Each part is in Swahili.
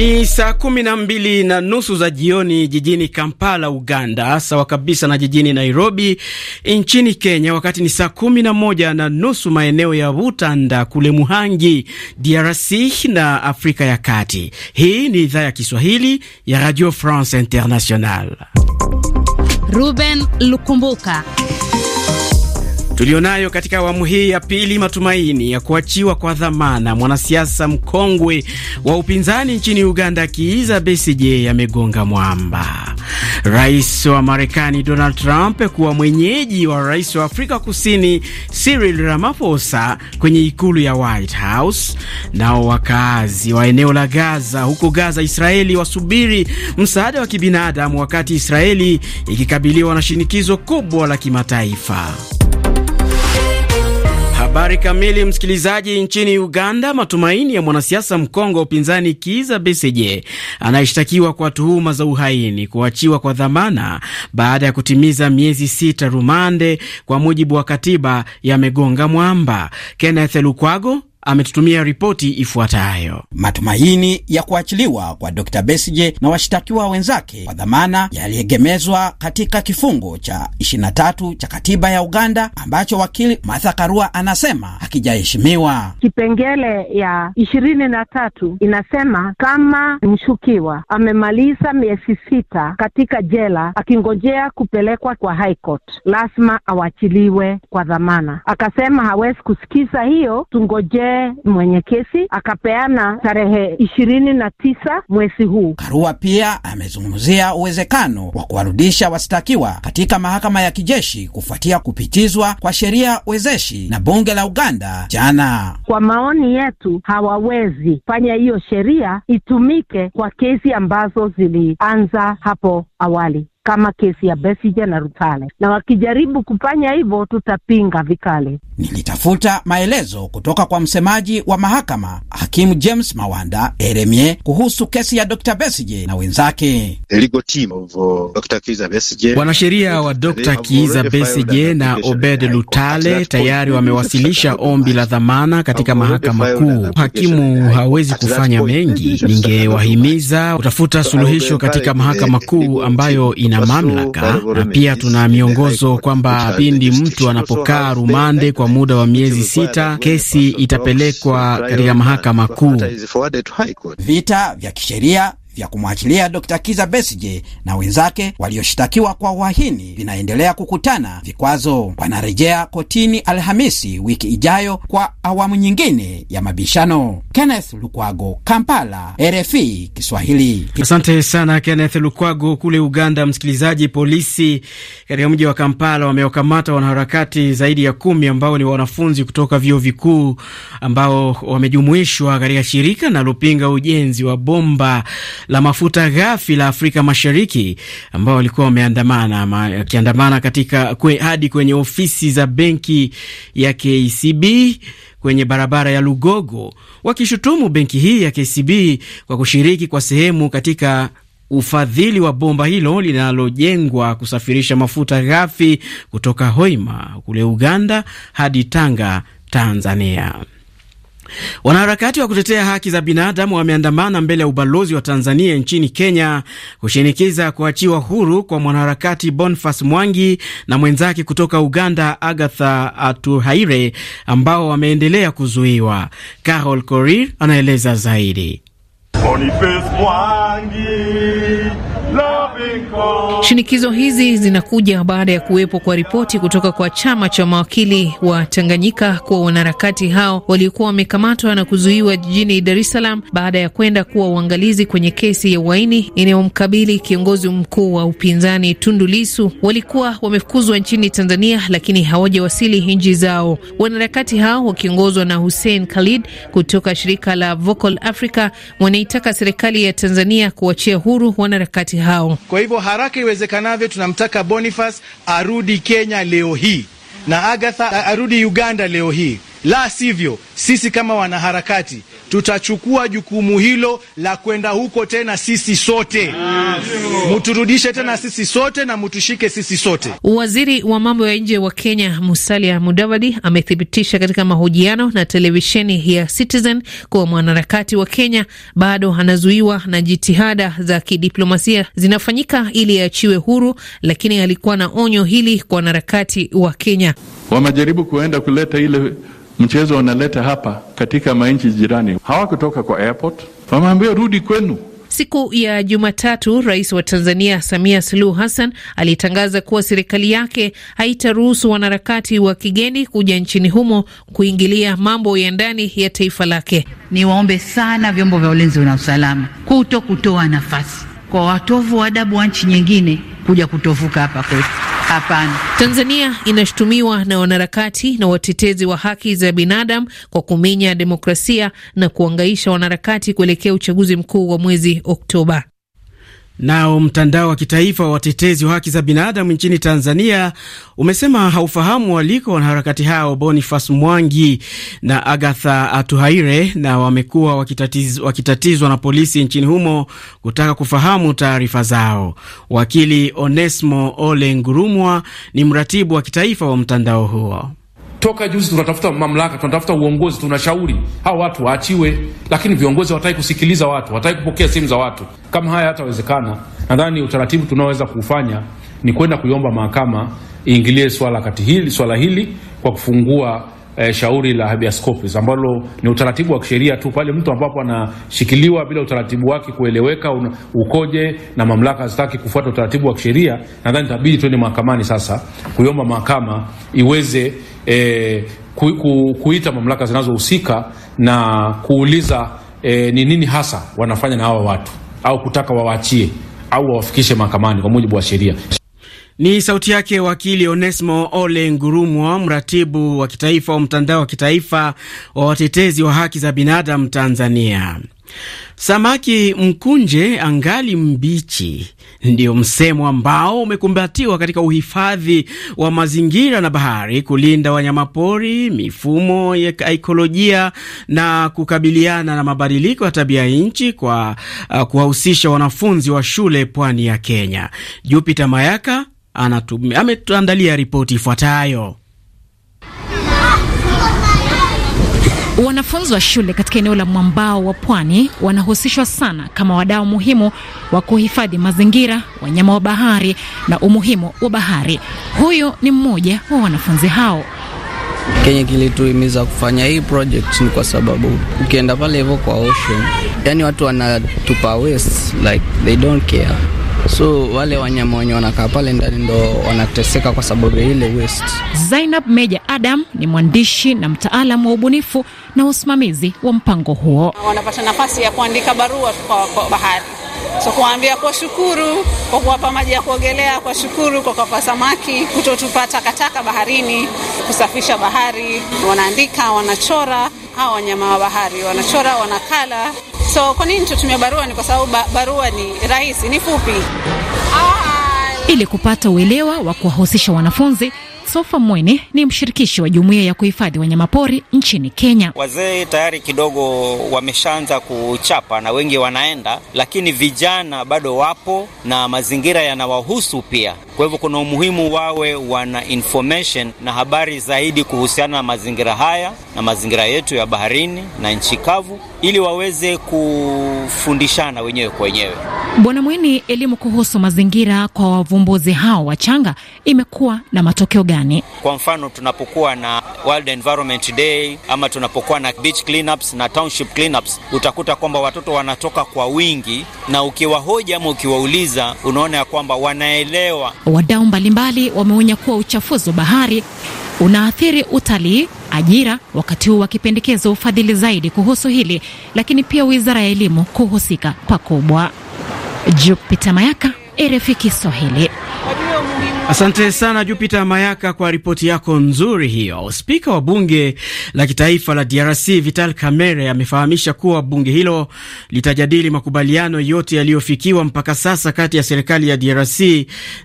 Ni saa kumi na mbili na nusu za jioni jijini Kampala, Uganda, sawa kabisa na jijini Nairobi nchini Kenya, wakati ni saa kumi na moja na nusu maeneo ya Butanda kule Muhangi, DRC na Afrika ya Kati. Hii ni idhaa ya Kiswahili ya Radio France International. Ruben Lukumbuka tulionayo katika awamu hii ya pili, matumaini ya kuachiwa kwa dhamana mwanasiasa mkongwe wa upinzani nchini Uganda Kiiza Besigye yamegonga mwamba. Rais wa Marekani Donald Trump kuwa mwenyeji wa rais wa Afrika Kusini Cyril Ramaphosa kwenye ikulu ya White House. Nao wakazi wa eneo la Gaza huko Gaza, Israeli, wasubiri msaada wa kibinadamu wakati Israeli ikikabiliwa na shinikizo kubwa la kimataifa. Habari kamili, msikilizaji. Nchini Uganda, matumaini ya mwanasiasa mkongwe wa upinzani Kiza Besigye anayeshtakiwa kwa tuhuma za uhaini kuachiwa kwa dhamana baada ya kutimiza miezi sita rumande, kwa mujibu wa katiba, yamegonga mwamba. Kenneth Lukwago ametutumia ripoti ifuatayo. Matumaini ya kuachiliwa kwa Dr Besije na washitakiwa wenzake kwa dhamana yaliegemezwa katika kifungo cha 23 cha katiba ya Uganda ambacho wakili Martha Karua anasema hakijaheshimiwa. Kipengele ya ishirini na tatu inasema kama mshukiwa amemaliza miezi sita katika jela akingojea kupelekwa kwa High Court, lazima awachiliwe kwa dhamana. Akasema hawezi kusikiza hiyo, tungoje yule mwenye kesi akapeana tarehe ishirini na tisa mwezi huu. Karua pia amezungumzia uwezekano wa kuwarudisha wasitakiwa katika mahakama ya kijeshi kufuatia kupitizwa kwa sheria wezeshi na bunge la Uganda jana. Kwa maoni yetu, hawawezi fanya hiyo sheria itumike kwa kesi ambazo zilianza hapo awali kama kesi ya Besigye na Rutale, na wakijaribu kufanya hivyo tutapinga vikali. Nilitafuta maelezo kutoka kwa msemaji wa mahakama hakimu James Mawanda Eremie kuhusu kesi ya Dr. Besigye na wenzake. Uh, Wanasheria wa Dr. Kiiza Besigye na Obed Lutale tayari wamewasilisha ombi la dhamana katika mahakama kuu. Hakimu hawezi kufanya mengi. Ningewahimiza kutafuta suluhisho katika mahakama kuu ambayo ina mamlaka na pia tuna miongozo kwamba pindi mtu anapokaa rumande kwa muda wa miezi sita, kesi itapelekwa katika mahakama kuu. Vita vya kisheria ya kumwachilia Dr. Kiza Besije na wenzake walioshtakiwa kwa uhaini vinaendelea kukutana vikwazo. Wanarejea kotini Alhamisi wiki ijayo kwa awamu nyingine ya mabishano. Kenneth Lukwago, Kampala, RFI Kiswahili. Asante sana Kenneth Lukwago. Kule Uganda, msikilizaji, polisi katika mji wa Kampala wamewakamata wanaharakati zaidi ya kumi ambao ni wanafunzi kutoka vyuo vikuu ambao wamejumuishwa katika shirika linalopinga ujenzi wa bomba la mafuta ghafi la Afrika Mashariki ambao walikuwa wameandamana wakiandamana katika kwe, hadi kwenye ofisi za benki ya KCB kwenye barabara ya Lugogo wakishutumu benki hii ya KCB kwa kushiriki kwa sehemu katika ufadhili wa bomba hilo linalojengwa kusafirisha mafuta ghafi kutoka Hoima kule Uganda hadi Tanga, Tanzania. Wanaharakati wa kutetea haki za binadamu wameandamana mbele ya ubalozi wa Tanzania nchini Kenya kushinikiza kuachiwa huru kwa mwanaharakati Boniface Mwangi na mwenzake kutoka Uganda Agatha Atuhaire ambao wameendelea kuzuiwa. Carol Korir anaeleza zaidi. Boniface Mwangi la Shinikizo hizi zinakuja baada ya kuwepo kwa ripoti kutoka kwa chama cha mawakili wa Tanganyika kuwa wanaharakati hao waliokuwa wamekamatwa na kuzuiwa jijini Dar es Salaam baada ya kwenda kuwa uangalizi kwenye kesi ya uhaini inayomkabili kiongozi mkuu wa upinzani Tundu Lisu walikuwa wamefukuzwa nchini Tanzania, lakini hawajawasili nchi zao. Wanaharakati hao wakiongozwa na Hussein Khalid kutoka shirika la Vocal Africa wanaitaka serikali ya Tanzania kuwachia huru wanaharakati hao. Kwa hivyo haraka iwezekanavyo tunamtaka Boniface arudi Kenya leo hii na Agatha arudi Uganda leo hii, la sivyo sisi kama wanaharakati tutachukua jukumu hilo la kwenda huko tena sisi sote, muturudishe tena sisi sote na mutushike sisi sote. Waziri wa mambo ya nje wa Kenya Musalia Mudavadi amethibitisha katika mahojiano na televisheni ya Citizen kuwa mwanaharakati wa Kenya bado anazuiwa na jitihada za kidiplomasia zinafanyika ili aachiwe huru, lakini alikuwa na onyo hili kwa wanaharakati wa Kenya, wamejaribu kuenda kuleta ile mchezo wanaleta hapa katika manchi jirani, hawakutoka kwa airport, wameambia rudi kwenu. Siku ya Jumatatu, rais wa Tanzania Samia Suluhu Hassan alitangaza kuwa serikali yake haitaruhusu wanaharakati wa kigeni kuja nchini humo kuingilia mambo ya ndani ya taifa lake. Niwaombe sana vyombo vya ulinzi na usalama kuto kutoa nafasi kwa watovu wa adabu wa nchi nyingine kuja kutovuka hapa kwetu. Hapana. Tanzania inashutumiwa na wanaharakati na watetezi wa haki za binadamu kwa kuminya demokrasia na kuangaisha wanaharakati kuelekea uchaguzi mkuu wa mwezi Oktoba. Nao mtandao wa kitaifa wa watetezi wa haki za binadamu nchini Tanzania umesema haufahamu waliko wanaharakati hao Boniface Mwangi na Agatha Atuhaire, na wamekuwa wakitatizwa na polisi nchini humo kutaka kufahamu taarifa zao. Wakili Onesmo Ole Ngurumwa ni mratibu wa kitaifa wa mtandao huo. Toka juzi tunatafuta mamlaka, tunatafuta uongozi, tunashauri hawa watu waachiwe, lakini viongozi hawataki kusikiliza watu, hawataki kupokea simu za watu. Kama haya hatawezekana, nadhani utaratibu tunaoweza kuufanya ni kwenda kuiomba mahakama iingilie swala kati hili swala hili kwa kufungua eh, shauri la habeas corpus ambalo ni utaratibu wa kisheria tu pale mtu ambapo anashikiliwa bila utaratibu wake kueleweka un, ukoje na mamlaka hazitaki kufuata utaratibu wa kisheria, nadhani tabidi tuende mahakamani sasa kuiomba mahakama iweze eh, ku, ku, kuita mamlaka zinazohusika na kuuliza eh, ni nini hasa wanafanya na hawa watu au kutaka wawaachie au wawafikishe mahakamani kwa mujibu wa sheria. Ni sauti yake wakili Onesmo Ole Ngurumwa, mratibu wa kitaifa wa mtandao wa kitaifa wa watetezi wa haki za binadamu Tanzania. Samaki mkunje angali mbichi, ndio msemo ambao umekumbatiwa katika uhifadhi wa mazingira na bahari, kulinda wanyamapori, mifumo ya ekolojia na kukabiliana na mabadiliko ya tabia nchi kwa uh, kuwahusisha wanafunzi wa shule pwani ya Kenya. jupita Mayaka ametuandalia ripoti ifuatayo. Wanafunzi wa shule katika eneo la mwambao wa pwani wanahusishwa sana kama wadau muhimu wa kuhifadhi mazingira, wanyama wa bahari na umuhimu wa bahari. Huyu ni mmoja wa wanafunzi hao. Kenye kilituhimiza kufanya hii project ni kwa sababu ukienda pale hivyo kwa ocean, yani watu wanatupa waste like they don't care so wale wanyama wenye wanakaa pale ndani ndo wanateseka kwa sababu ya ile waste. Zainab Meja Adam ni mwandishi na mtaalamu wa ubunifu na usimamizi wa mpango huo. Wanapata nafasi ya kuandika barua kwa bahari So kuwaambia kwa shukuru kwa kuwapa maji ya kuogelea, kwa shukuru kwa kuwapa samaki, kutotupa takataka baharini, kusafisha bahari. Wanaandika, wanachora, hawa wanyama wa bahari wanachora, wanakala So kwa nini tutumia barua? Ni kwa sababu ba barua ni rahisi, ni fupi. Ili kupata uelewa wa kuwahusisha wanafunzi Sofa Mwene ni mshirikishi wa jumuiya ya kuhifadhi wanyamapori nchini Kenya. Wazee tayari kidogo wameshaanza kuchapa na wengi wanaenda, lakini vijana bado wapo na mazingira yanawahusu pia. Kwa hivyo kuna umuhimu wawe wana information na habari zaidi kuhusiana na mazingira haya na mazingira yetu ya baharini na nchi kavu, ili waweze kufundishana wenyewe kwa wenyewe. Bwana Mwene, elimu kuhusu mazingira kwa wavumbuzi hao wachanga imekuwa na matokeo gani? gani? Kwa mfano tunapokuwa na World Environment Day ama tunapokuwa na beach cleanups na township cleanups, utakuta kwamba watoto wanatoka kwa wingi, na ukiwahoja ama ukiwauliza, unaona ya kwamba wanaelewa. Wadau mbalimbali wameonya kuwa uchafuzi wa bahari unaathiri utalii, ajira, wakati huu wakipendekeza ufadhili zaidi kuhusu hili, lakini pia wizara ya elimu kuhusika pakubwa. Jupita Mayaka, RFI Kiswahili. Asante sana Jupiter Mayaka kwa ripoti yako nzuri hiyo. Spika wa bunge la kitaifa la DRC Vital Kamerhe amefahamisha kuwa bunge hilo litajadili makubaliano yote yaliyofikiwa mpaka sasa kati ya serikali ya DRC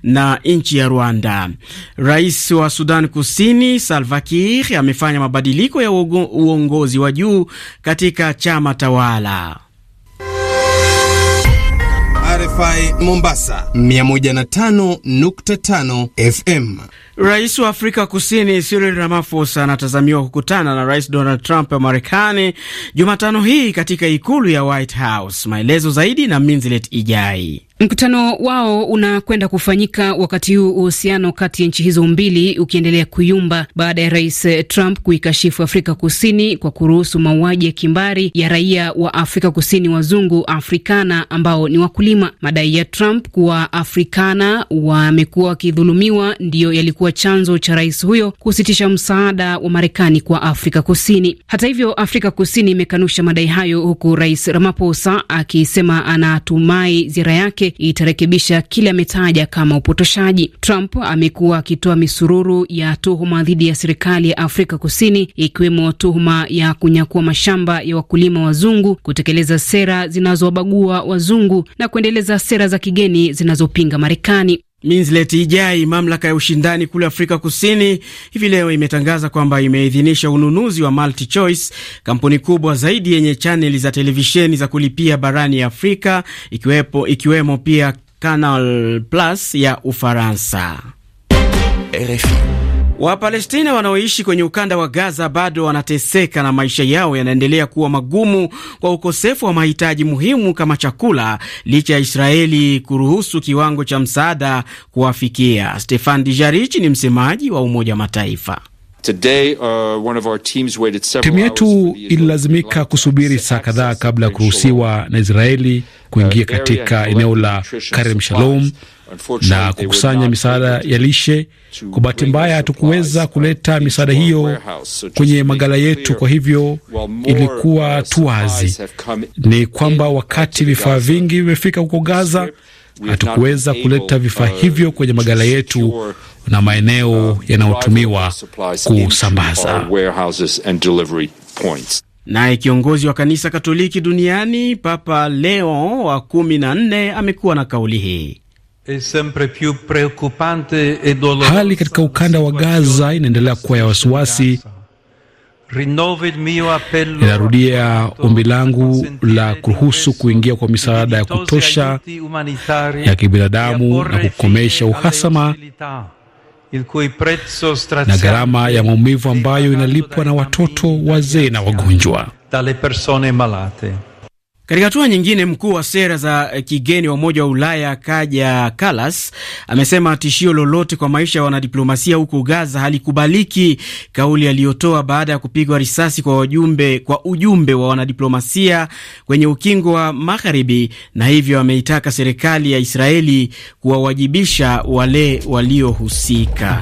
na nchi ya Rwanda. Rais wa Sudan Kusini Salva Kiir amefanya mabadiliko ya uongozi wa juu katika chama tawala. RFI Mombasa 105.5 FM. Rais wa Afrika Kusini Cyril Ramaphosa anatazamiwa kukutana na Rais Donald Trump wa Marekani Jumatano hii katika ikulu ya White House. Maelezo zaidi na Minzilet Ijai. Mkutano wao unakwenda kufanyika wakati huu uhusiano kati ya nchi hizo mbili ukiendelea kuyumba baada ya rais Trump kuikashifu Afrika Kusini kwa kuruhusu mauaji ya kimbari ya raia wa Afrika Kusini wazungu Afrikana ambao ni wakulima. Madai ya Trump kuwa Afrikana wamekuwa wakidhulumiwa ndiyo yalikuwa chanzo cha rais huyo kusitisha msaada wa Marekani kwa Afrika Kusini. Hata hivyo, Afrika Kusini imekanusha madai hayo, huku rais Ramaphosa akisema anatumai ziara yake yake itarekebisha kile ametaja kama upotoshaji. Trump amekuwa akitoa misururu ya tuhuma dhidi ya serikali ya Afrika Kusini, ikiwemo tuhuma ya kunyakua mashamba ya wakulima wazungu, kutekeleza sera zinazowabagua wazungu na kuendeleza sera za kigeni zinazopinga Marekani. Minslet Ijai, mamlaka ya ushindani kule Afrika Kusini, hivi leo imetangaza kwamba imeidhinisha ununuzi wa MultiChoice, kampuni kubwa zaidi yenye chaneli za televisheni za kulipia barani Afrika, ikiwepo, ikiwemo pia Canal Plus ya Ufaransa. RFI. Wapalestina wanaoishi kwenye ukanda wa Gaza bado wanateseka na maisha yao yanaendelea kuwa magumu kwa ukosefu wa mahitaji muhimu kama chakula, licha ya Israeli kuruhusu kiwango cha msaada kuwafikia. Stefan dijarichi ni msemaji wa Umoja wa Mataifa. Uh, Timu yetu ililazimika kusubiri saa kadhaa kabla ya kuruhusiwa na Israeli kuingia uh, katika eneo la Karem Shalom na kukusanya misaada ya lishe. Kwa bahati mbaya, hatukuweza kuleta misaada hiyo kwenye magala yetu, kwa hivyo ilikuwa tu wazi ni kwamba wakati vifaa vingi vimefika huko Gaza, hatukuweza kuleta vifaa uh, hivyo kwenye magala yetu na maeneo uh, yanayotumiwa kusambaza. Naye kiongozi wa kanisa Katoliki duniani Papa Leo wa kumi na nne amekuwa na kauli hii. E e Hali katika ukanda wa Gaza inaendelea kuwa ya wasiwasi. Inarudia ombi langu la kuruhusu kuingia kwa misaada ya kutosha ya kibinadamu e na kukomesha uhasama na gharama ya maumivu ambayo inalipwa na watoto, wazee na wagonjwa. Katika hatua nyingine, mkuu wa sera za eh, kigeni wa Umoja wa Ulaya Kaja Kalas amesema tishio lolote kwa maisha ya wanadiplomasia huko Gaza halikubaliki, kauli aliyotoa baada ya kupigwa risasi kwa wajumbe, kwa ujumbe wa wanadiplomasia kwenye ukingo wa Magharibi, na hivyo ameitaka serikali ya Israeli kuwawajibisha wale waliohusika.